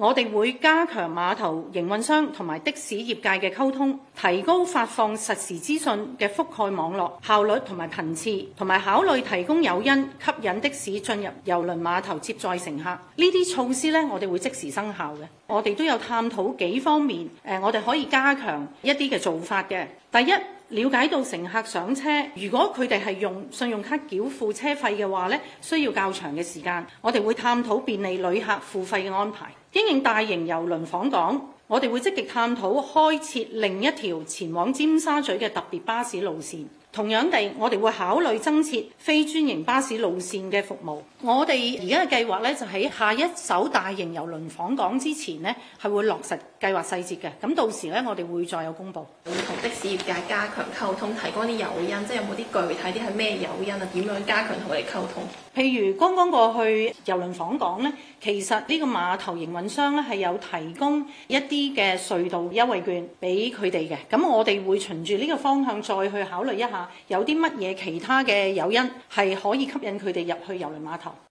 我哋會加強碼頭營運商同埋的士業界嘅溝通，提高發放實時資訊嘅覆蓋網絡效率同埋頻次，同埋考慮提供誘因吸引的士進入郵輪碼頭接載乘客。呢啲措施呢，我哋會即時生效嘅。我哋都有探討幾方面，我哋可以加強一啲嘅做法嘅。第一，了解到乘客上車，如果佢哋係用信用卡繳付車費嘅話呢，需要較長嘅時間。我哋會探討便利旅客付費嘅安排，應應大型郵輪訪港。我哋會積極探討開設另一條前往尖沙咀嘅特別巴士路線，同樣地，我哋會考慮增設非專營巴士路線嘅服務。我哋而家嘅計劃咧，就喺下一艘大型郵輪訪港之前呢，係會落實計劃細節嘅。咁到時咧，我哋會再有公佈。會同的士業界加強溝通，提供啲誘因，即係有冇啲具體啲係咩誘因啊？點樣加強同佢哋溝通？譬如剛剛過去郵輪訪港咧，其實呢個碼頭營運商咧係有提供一啲。啲嘅隧道優惠券俾佢哋嘅，咁我哋會循住呢個方向再去考慮一下，有啲乜嘢其他嘅誘因係可以吸引佢哋入去郵輪碼頭。